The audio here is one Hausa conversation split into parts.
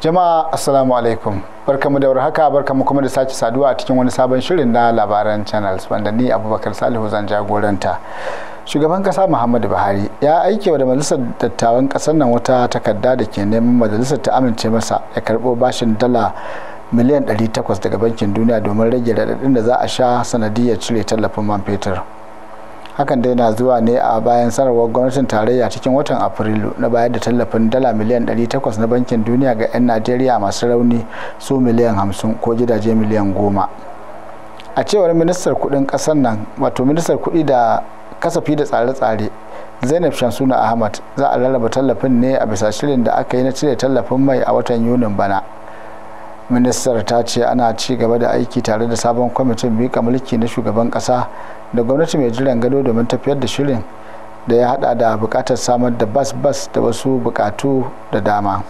jama'a assalamu alaikum barkamu da warhaka barkamu kuma da sake saduwa a cikin wani sabon shirin na labaran channels wanda ni abubakar salihu zan jagoranta shugaban kasa muhammadu buhari ya aikewa da majalisar dattawan kasar nan wata takarda da ke neman majalisar ta amince masa ya karbo bashin dala miliyan 800 daga bankin duniya domin rage raɗaɗin da za a sha sanadiyar cire tallafin man fetur hakan dai na zuwa ne a bayan sanarwar gwamnatin tarayya cikin watan afrilu na bayar da tallafin dala miliyan 800 na bankin duniya ga 'yan najeriya masu rauni su miliyan 50 ko gidaje miliyan 10 a cewar ministar kudin kasar nan wato ministar kudi da kasafi da tsare-tsare zainab shamsuna ahmad za a laraba tallafin ne a bisa shirin da aka yi na cire tallafin mai a watan yunin bana ministar ta ce ana ci gaba da aiki tare da sabon kwamitin mika mulki na shugaban ƙasa da gwamnati mai jiran gado domin tafiyar da shirin da ya hada da bukatar samar da bas-bas da wasu bukatu da dama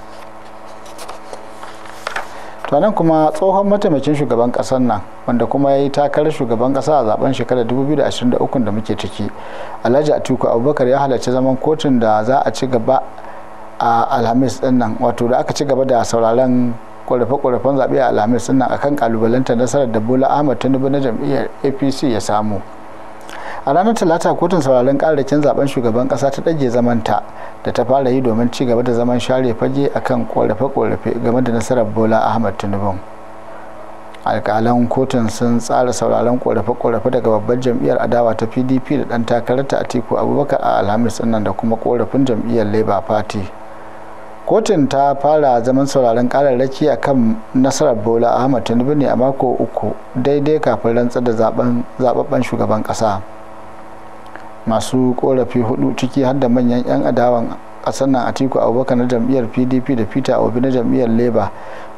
nan kuma tsohon mataimakin shugaban kasar nan wanda kuma ya yi takarar shugaban kasa a zaben shekarar 2023 da muke ciki alhaji atiku abubakar ya halarci zaman kotun da za a ci gaba a alhamis din nan wato da aka ci gaba da sauraron ƙorafe-ƙorafen zaɓe a alhamis din nan akan kalubalanta nasarar da bola ahmad tinubu na jam'iyyar apc ya samu a ranar talata kotun sauraron kararrakin zaben shugaban kasa ta ɗage zamanta da ta fara yi domin ci gaba da zaman share fage akan korafe-korafe game da nasarar bola ahmad tinubu alkalan kotun sun tsara sauraron korafe-korafe daga babbar jam'iyyar adawa ta pdp da dan takararta a tiku abubakar a alhamis nan da kuma korafin jam'iyyar labour party kotun ta fara zaman sauraron kararraki a kan nasarar bola ahmad tinubu ne a mako uku daidai kafin rantsar da zababben shugaban kasa masu korafi hudu ciki har da manyan 'yan adawan a nan atiku abubakar na jam'iyyar pdp da peter obi na jam'iyyar labour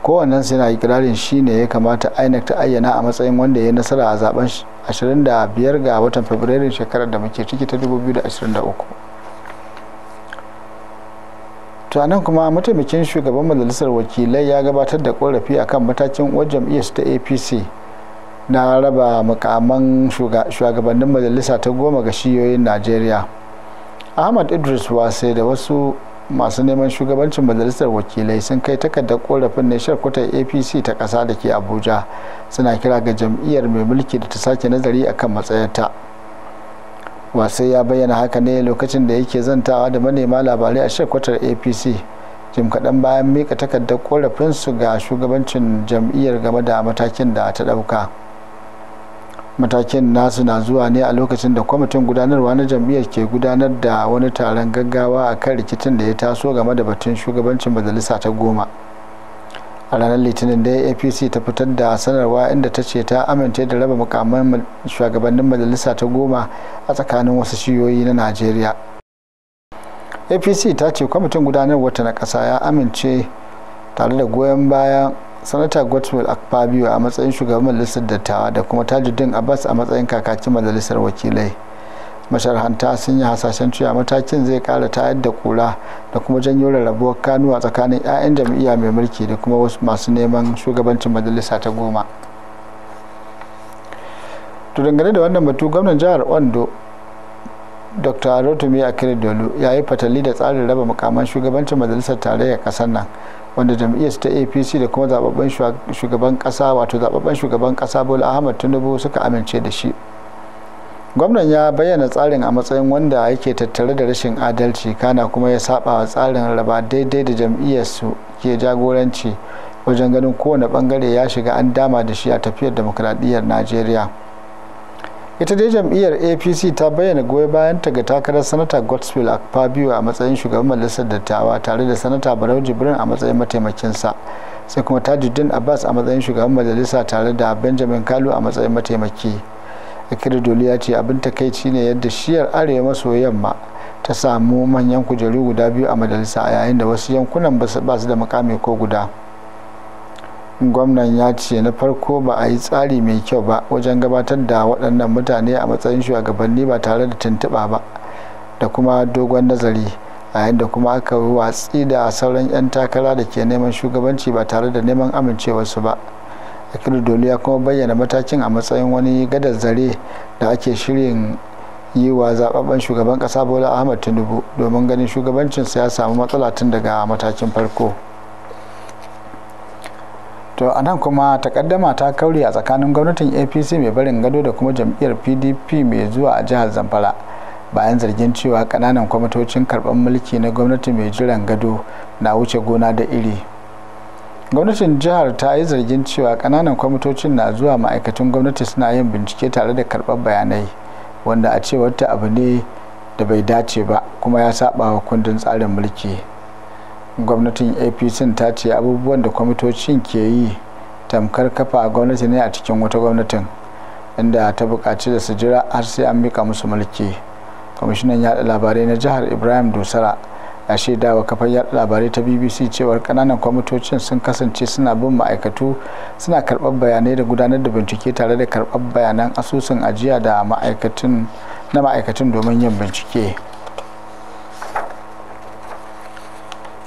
kowannen yana ikirarin shi ne ya kamata inec ta ayyana a matsayin wanda ya nasara a zaben 25 ga watan fabrairu shekarar da muke ciki ta 2023 tunanin kuma mataimakin shugaban majalisar wakilai ya gabatar da korafi akan matakin wajen jam'iyyar ta apc na raba mukaman shugabannin majalisa ta goma ga shiyoyin najeriya ahmad idris wase da wasu masu neman shugabancin majalisar wakilai sun kai takardar korafin ne kwatar apc ta kasa da ke abuja suna kira ga jam'iyyar mai mulki da ta sake nazari akan matsayarta wasai ya bayyana haka ne lokacin da yake zantawa da manema labarai a sharkutar apc jim kaɗan bayan mika takardar korafinsu ga shugabancin jam'iyyar game da matakin da ta ɗauka. matakin nasu na zuwa ne a lokacin da kwamitin gudanarwa na jam'iyyar ke gudanar da wani taron gaggawa a kan rikicin da ya taso game da batun shugabancin majalisa ta goma a ranar litinin da apc ta fitar da sanarwa inda ta ce ta amince da raba mukamman shugabannin majalisa ta goma a tsakanin wasu shiyoyi na najeriya apc ta ce kwamitin gudanarwa ta na ƙasa ya amince tare da goyon bayan sanata godswill akpabio a matsayin shugaban majalisar dattawa da kuma tajuddin abbas a matsayin kakakin majalisar wakilai masharhanta sun yi hasashen cewa matakin zai kara tayar da kura da kuma janyo rarrabuwar kanuwa tsakanin 'ya'yan jam'iyya mai mulki da kuma wasu masu neman shugabancin majalisa ta goma to dangane da wannan batu gwamnan jihar ondo dr rotumi akiridolu ya yi fatali da tsarin raba mukaman shugabancin majalisar tarayyar kasar nan wanda jam'iyyar ta apc da kuma zababben shugaban kasa wato zababben shugaban kasa bola ahmad tinubu suka amince da shi gwamnan ya bayyana tsarin a matsayin wanda yake tattare da rashin adalci kana kuma ya saba wa tsarin raba daidai da jam'iyyarsu ke jagoranci wajen ganin kowane bangare ya shiga an dama da shi a tafiyar demokradiyyar najeriya ita dai jam'iyyar apc ta bayyana goyi bayan ta ga takarar sanata godswill akpabio a matsayin shugaban majalisar dattawa tare da sanata barau jibrin a matsayin mataimakinsa sai kuma tajuddin abbas a matsayin shugaban majalisa tare da benjamin kalu a matsayin mataimaki akiridoli ya ce abin takaici ne yadda shiyar arewa maso yamma ta samu manyan kujeru guda biyu a majalisa a yayin da wasu yankunan ba su da mukami ko guda gwamnan ya ce na farko ba a yi tsari mai kyau ba wajen gabatar da waɗannan mutane a matsayin shugabanni ba tare da tuntuɓa ba da kuma dogon nazari a yadda kuma aka watsi da sauran 'yan takara da ke neman shugabanci ba tare da neman amincewarsu ba akilu doli ya kuma bayyana matakin a matsayin wani gadar zare da ake shirin yi wa zaɓaɓɓen shugaban ƙasa bola ahmad tinubu domin ganin shugabancinsa ya samu matsala tun daga matakin farko to a nan kuma takaddama ta kauri a tsakanin gwamnatin apc mai barin gado da kuma jam'iyyar pdp mai zuwa a jihar zamfara bayan zargin cewa kananan kwamitocin karɓar mulki na gwamnati mai jiran gado na wuce gona da iri gwamnatin jihar ta yi zargin cewa kananan kwamitocin na zuwa ma'aikatan gwamnati suna yin bincike tare da karɓar bayanai wanda a cewar ta abu ne da bai dace ba kuma ya saba wa kundin tsarin mulki gwamnatin apc ta ce abubuwan da kwamitocin ke yi tamkar kafa a gwamnati ne a cikin wata gwamnatin inda ta bukaci da su jira har sai an mika musu mulki kwamishinan yaɗa labarai na jihar ibrahim dusara ya shaidawa kafar yaɗa labarai ta bbc cewar kananan kwamitocin sun kasance suna bin ma'aikatu suna karɓar bayanai da gudanar da bincike tare da karbar bayanan asusun ajiya da ma'aikatun na ma'aikatun domin yin bincike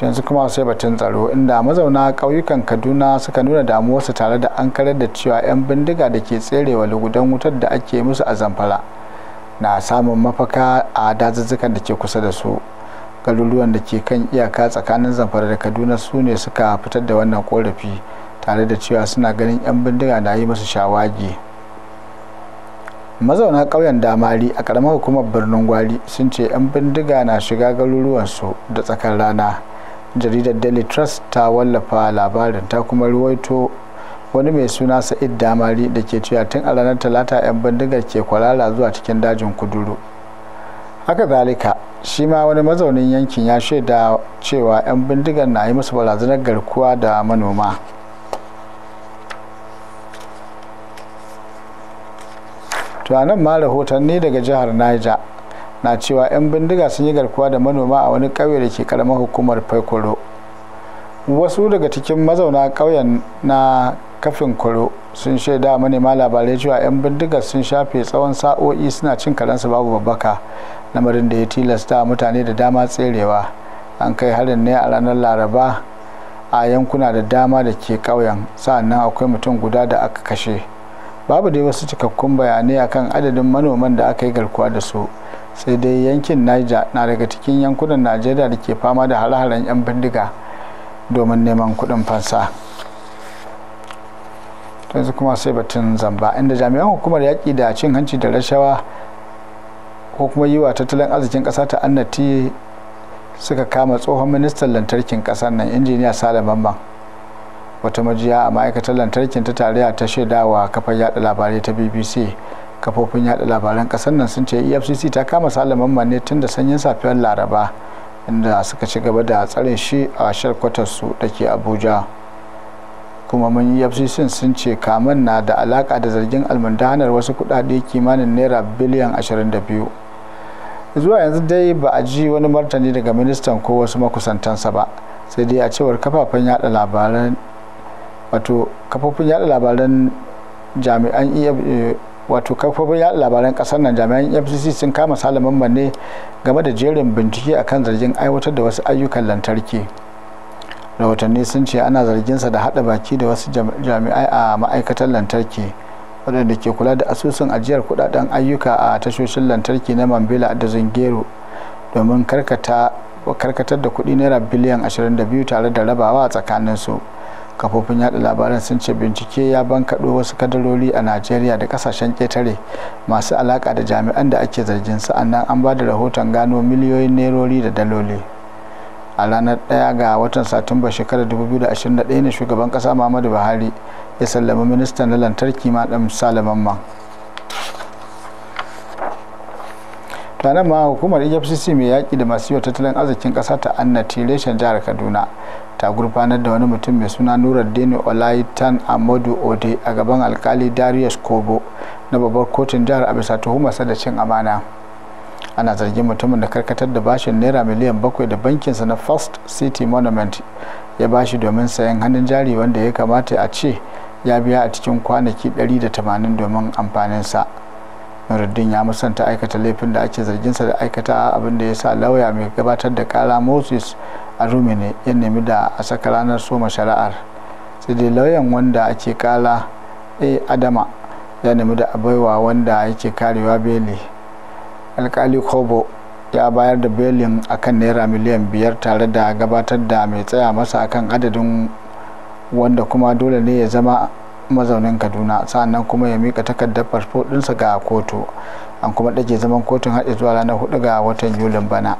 yanzu kuma sai batun tsaro inda mazauna ƙauyukan kaduna suka nuna damuwarsu tare da an karar da cewa 'yan bindiga da ke tserewa lugudan wutar da ake musu a zamfara na samun mafaka a dazuzzukan da ke kusa da su garuruwan da ke kan iyaka tsakanin zamfara da kaduna su ne suka fitar da wannan korafi tare da cewa suna ganin 'yan bindiga na yi musu shawagi mazauna ƙauyen damari a ƙaramar hukumar birnin gwari sun ce 'yan bindiga na shiga garuruwansu da tsakar rana jaridar daily trust ta wallafa labarin ta kuma ruwaito wani mai suna sa'id damari da ke cewa tun a ranar talata 'yan bindigar ke kwalala zuwa cikin dajin kuduru haka zalika shi ma wani mazaunin yankin ya shaida cewa 'yan bindigar na yi musu barazanar garkuwa da manoma to nan ma rahotanni daga jihar niger na cewa 'yan bindiga sun yi garkuwa da manoma a wani ƙauye da ke karamar hukumar faikoro wasu daga cikin mazauna ƙauyen na kafin koro sun shaida manema labarai cewa 'yan bindiga sun shafe tsawon sa'o'i suna cin karansu babu babbaka lamarin da ya tilasta mutane da dama tserewa an kai harin ne a ranar laraba a yankuna da dama da ke ƙauyen sa'annan akwai mutum guda da aka kashe babu dai wasu cikakkun bayanai akan adadin manoman da aka yi garkuwa da su sai dai yankin niger na daga cikin yankunan najeriya da ke fama da hare-haren 'yan bindiga domin neman kudin fansa yanzu kuma sai batun zamba inda jami'an hukumar yaƙi da cin hanci da rashawa ko kuma yi tattalin arzikin ƙasa ta annati suka kama tsohon ministan lantarkin ƙasar nan injiniya sale mamman wata majiya a ma'aikatar lantarkin ta tarayya ta shaidawa wa kafar yada labarai ta bbc kafofin yada labaran kasar nan sun ce efcc ta kama salaman manne tun da sanyin safiyar laraba inda suka ci gaba da tsare shi a su da ke abuja kuma mun efcc sun ce kaman na da alaka da zargin almundanar wasu kudade kimanin naira biliyan 22 zuwa yanzu dai ba a ji wani martani daga ministan ko wasu makusantansa ba sai dai a cewar kafafen yada labaran wato kafofin yada labaran jami'an e wato kafofin yaɗa labaran ƙasar nan jami'an fcc sun kama salaman manne game da jerin bincike akan zargin aiwatar da wasu ayyukan lantarki rahotanni sun ce ana zarginsa da haɗa baki da wasu jami'ai a ma'aikatar lantarki waɗanda ke kula da asusun ajiyar kuɗaɗen ayyuka a tashoshin lantarki na mambila da zingero domin karkatar da kuɗi naira biliyan 22 tare da rabawa a su. kafofin yaɗa labaran sun ce bincike ya bankaɗo wasu kadaroli a najeriya da ƙasashen ƙetare masu alaƙa da jami'an da ake zargin sa'annan an ba da rahoton gano miliyoyin nerori da daloli a ranar ɗaya ga watan satumba shekarar 2021 ne shugaban ƙasa muhammadu buhari ya sallama ministan na lantarki madam salaman man tanan ma hukumar efcc mai yaƙi da masu yau tattalin arzikin ƙasa ta annati reshen jihar kaduna ta gurfanar da wani mutum mai suna dini olaitan amadu ode a gaban alkali darius kobo na babbar kotun jihar a bisa da cin amana ana zargin mutumin da karkatar da bashin naira miliyan bakwai da bankinsa na first city monument ya bashi domin sayan hannun jari wanda ya kamata a ce ya biya a cikin kwanaki 180 domin amfaninsa. sa nuruddin ya musanta aikata laifin da ake zarginsa da aikata abin da ya sa lauya mai gabatar da kara moses arumine ya nemi da a saka ranar soma shari'ar sai dai lauyan wanda ake kala a adama ya nemi da abaiwa wanda yake karewa beli alkali kobo ya bayar da belin akan naira miliyan biyar tare da gabatar da mai tsaya masa akan adadin wanda kuma dole ne ya zama mazaunin kaduna sa'annan kuma ya mika takardar fasfo ɗinsa ga kotu an kuma ɗage zaman kotun haɗe zuwa ranar hudu ga watan yulin bana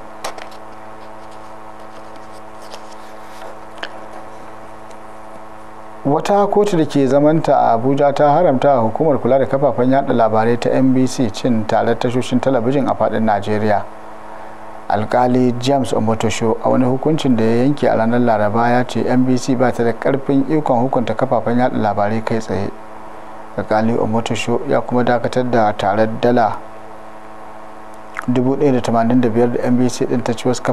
wata kotu da ke zamanta a abuja ta haramta a hukumar kula da kafafen yada labarai ta nbc cin tare tashoshin talabijin a faɗin najeriya alkali james omotosho a wani hukuncin da ya yanke a ranar laraba ya ce nbc ba ta da karfin ikon hukunta kafafen yada labarai kai tsaye alkali omotosho ya kuma dakatar da tare dala 1,085 da nbc din ta ci wasu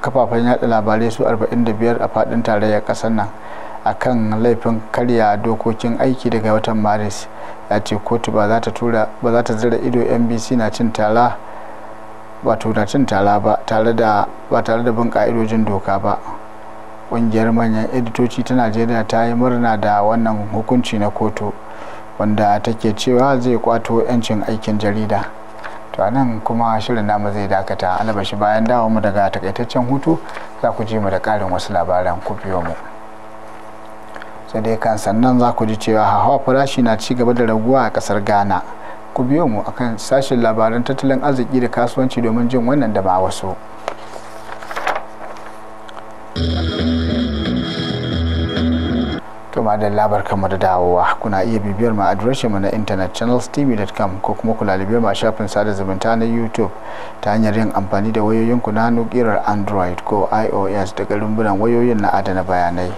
kafafen yada labarai su 45 a fadin tarayyar kasar nan a kan laifin karya dokokin aiki daga watan maris ya ce kotu ba za ta zira ido nbc na cin tara wato da cin tara ba tare da ba tare da bin ka'idojin doka ba ƙungiyar manyan editoci ta najeriya ta yi murna da wannan hukunci na kotu wanda take cewa zai kwato 'yancin aikin jarida to nan kuma shirin namu zai dakata alabashi bayan dawo mu daga takaitaccen hutu za ku ji mu da ƙarin wasu labaran ku biyo mu sai dai kan sannan za ku ji cewa hawa farashi na ci gaba da raguwa a ƙasar ghana ku biyo mu akan sashen labaran tattalin arziki da kasuwanci domin jin wannan da ba wasu. To da labar kama da dawowa kuna iya bibiyar ma adireshin mu na intanet channelstv.com ko kuma kula da ma shafin sada zumunta na YouTube ta hanyar yin amfani da wayoyinku na hannu kirar Android ko iOS daga rumbunan wayoyin na adana bayanai.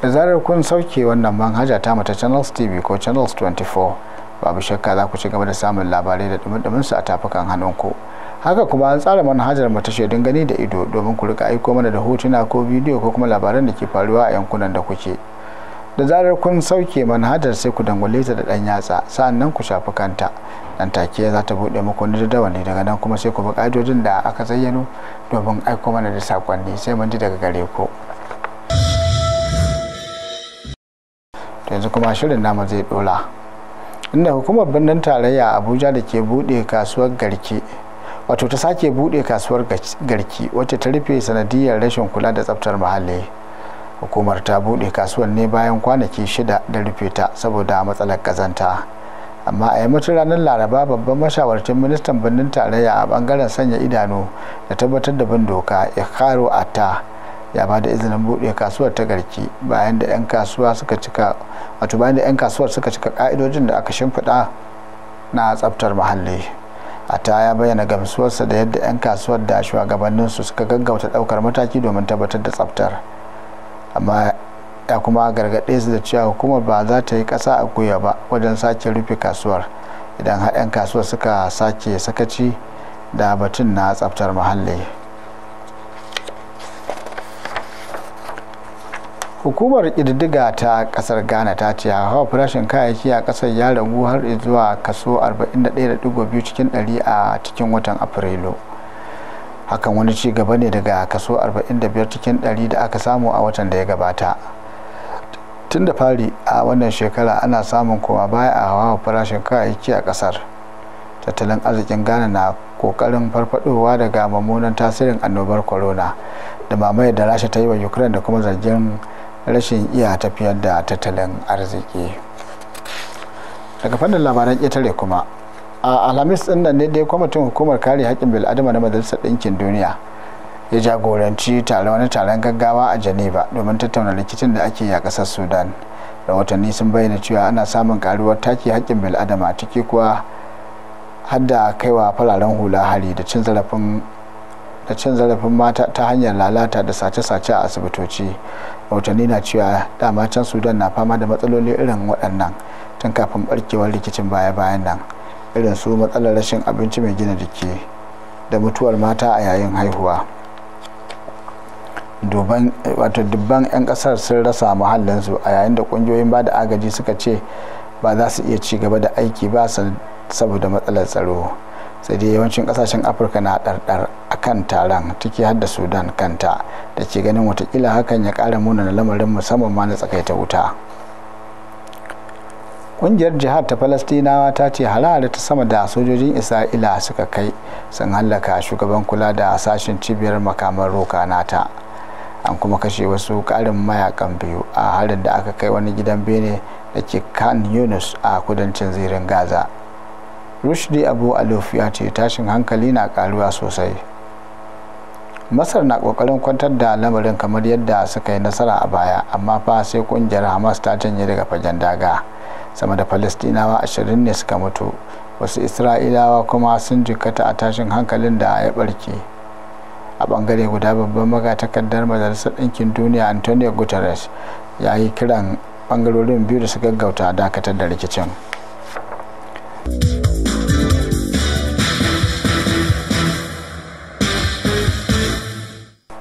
Da zarar kun sauke wannan manhaja ta mata Channels TV ko Channels 24 babu shakka za ku ci gaba da samun labarai da dumin su a tafukan hannunku haka kuma an tsara manhajar mu ta shaidun gani da ido domin ku rika aiko mana da hotuna ko bidiyo ko kuma labaran da ke faruwa a yankunan da kuke da zarar kun sauke manhajar sai ku dangwale ta da dan yatsa sa'annan ku shafi kanta nan take za ta bude muku wani jadawali daga nan kuma sai ku bi ka'idojin da aka zayyano domin aiko mana da sakonni sai mun ji daga gare ku yanzu kuma shirin namu zai dola inda hukumar birnin tarayya abuja da ke buɗe kasuwar garke wato ta sake buɗe kasuwar garki wacce ta rufe sanadiyar rashin kula da tsaftar muhalli hukumar ta buɗe kasuwar ne bayan kwanaki shida da rufe ta saboda matsalar kazanta amma a yammacin ranar laraba babban mashawarcin ministan birnin tarayya a bangaren sanya idanu da tabbatar da bin doka ya karo atta ya ba da izinin buɗe kasuwar ta garki bayan da 'yan kasuwa suka cika wato bayan da 'yan kasuwar suka cika ka'idojin da aka shimfiɗa na tsaftar muhalli a ta ya bayyana gamsuwarsa da yadda 'yan kasuwar da shugabannin su suka gaggauta ɗaukar mataki domin tabbatar da tsaftar amma ya kuma gargaɗe su da cewa hukumar ba za ta yi ƙasa a gwiwa ba wajen sake rufe kasuwar idan har 'yan kasuwar suka sake sakaci da batun na tsaftar muhalli hukumar ƙididdiga ta ƙasar ghana ta ce hawa farashin kayayyaki a kasar ya ragu har zuwa kaso 41.2 cikin 100 a cikin watan afrilu hakan wani ci gaba ne daga kaso 45 cikin 100 da aka samu a watan da ya gabata tun da fari a wannan shekara ana samun koma baya a hawa farashin kayayyaki a ƙasar tattalin arzikin ghana na kokarin farfadowa daga mummunan tasirin annobar corona da mamaye da rasha ta yi wa ukraine da kuma zargin rashin iya tafiyar da tattalin arziki daga fannin labaran ƙetare kuma a alhamis din nan ne dai kwamitin hukumar kare haƙƙin bil'adama na majalisar ɗinkin duniya ya jagoranci tare wani taron gaggawa a geneva domin tattauna rikicin da ake yi a ƙasar sudan rahotanni sun bayyana cewa ana samun karuwar take haƙƙin bil'adama ciki kuwa hadda kaiwa fararen hula hari da cin zarafin mata ta hanyar lalata da sace-sace a asibitoci rahotanni na cewa dama can sudan na fama da matsaloli irin waɗannan tun kafin barkewar rikicin baya-bayan nan irin su matsalar rashin abinci mai gina jiki da mutuwar mata a yayin haihuwa wato dubban 'yan kasar sun rasa muhallinsu a yayin da kungiyoyin ba da agaji suka ce ba za su iya ci gaba da aiki ba saboda matsalar tsaro sai dai yawancin kasashen afirka na ɗarɗar kan taron ciki har da sudan kanta da ke ganin watakila hakan ya kara muna na lamarin musamman ma na tsakaita wuta kungiyar jihar ta falastinawa ta ce harare ta sama da sojojin isra'ila suka kai sun hallaka shugaban kula da sashen cibiyar makaman roka nata an kuma kashe wasu karin mayakan biyu a harin da aka kai wani gidan bene da ke kan yunus a kudancin zirin gaza rushdi abu aluf ce tashin hankali na karuwa sosai masar na kokarin kwantar da lamarin kamar yadda suka yi nasara a baya amma fa sai kungiyar hamas ta janye daga fagen daga sama da falastinawa ashirin ne suka mutu wasu isra'ilawa kuma sun jikkata a tashin hankalin da ya barke a bangare guda babban magatakardar majalisar ɗinkin duniya antonio guterres ya yi kiran bangarorin biyu da su gaggauta dakatar da rikicin.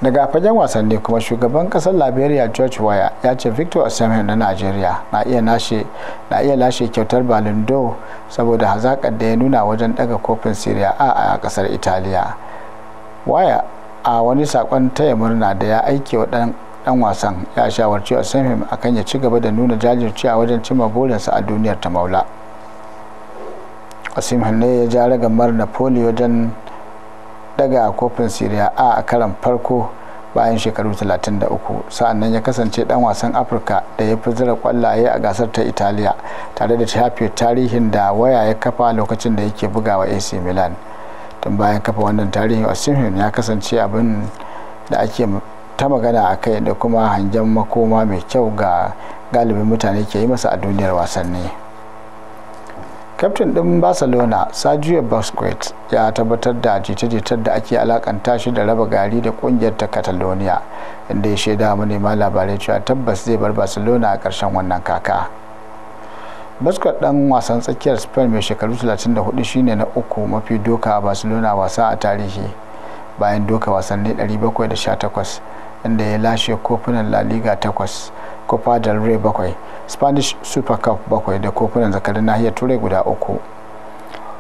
daga fagen wasanni kuma shugaban kasar liberia george waya ya ce victor osimhen na nigeria na iya lashe na iya lashe kyautar balindo saboda hazakar da ya nuna wajen daga kofin syria a a kasar italiya waya a wani sakon taya murna da ya aike wa dan wasan ya shawarci osimhen akan ya ci gaba da nuna a wajen cimma burinsa a duniyar ta maula osimhen ne ya ja ragamar napoli wajen daga kofin syria a karan farko bayan shekaru 33 sa'annan ya kasance dan wasan afirka da ya fi zira kwallaye a gasar ta italiya tare da shafe tarihin da waya ya kafa lokacin da yake bugawa ac milan tun bayan kafa wannan tarihin osimhen ya kasance abin da ake ta magana a kai da kuma hangen makoma mai kyau ga galibin mutane ke yi masa a duniyar wasanni kaftin ɗin barcelona sergio busquets ya tabbatar da jita-jitar da ake alakanta shi da raba gari da ƙungiyar ta catalonia inda ya shaida manema labarai cewa tabbas zai bar barcelona a ƙarshen wannan kaka busquets ɗan wasan tsakiyar spain mai shekaru 34 shine na uku mafi doka a barcelona wasa a tarihi bayan doka wasanni 718 inda ya lashe kofunan la liga 8 copa del rey 7 spanish super cup bakwai da kofunan zakarin nahiyar turai guda uku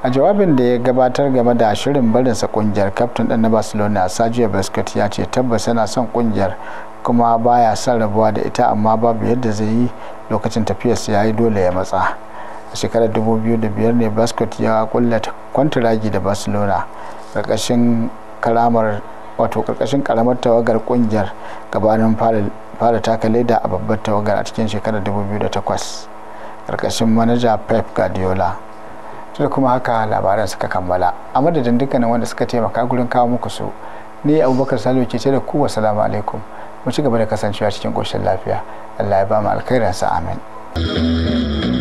a jawabin da ya gabatar game da shirin barinsa kungiyar kaftin ɗin na barcelona sergio busquets ya ce tabbas yana son kungiyar kuma baya son rabuwa da ita amma babu yadda zai yi lokacin tafiyarsa ya yi dole ya matsa a shekarar 2005 ne basket ya kulle kwantaragi da barcelona ƙarƙashin karamar wato karkashin karamar tawagar kungiyar gabanin fara taka leda a babbar tawagar a cikin shekarar 2008 karkashin manaja pep guardiola tun kuma haka labaran suka kammala a madadin dukkanin wanda suka taimaka gurin kawo muku su ni abubakar salo ke ce da ku wasalamu alaikum mu ci gaba da kasancewa cikin koshin lafiya allah ya ba mu sa amin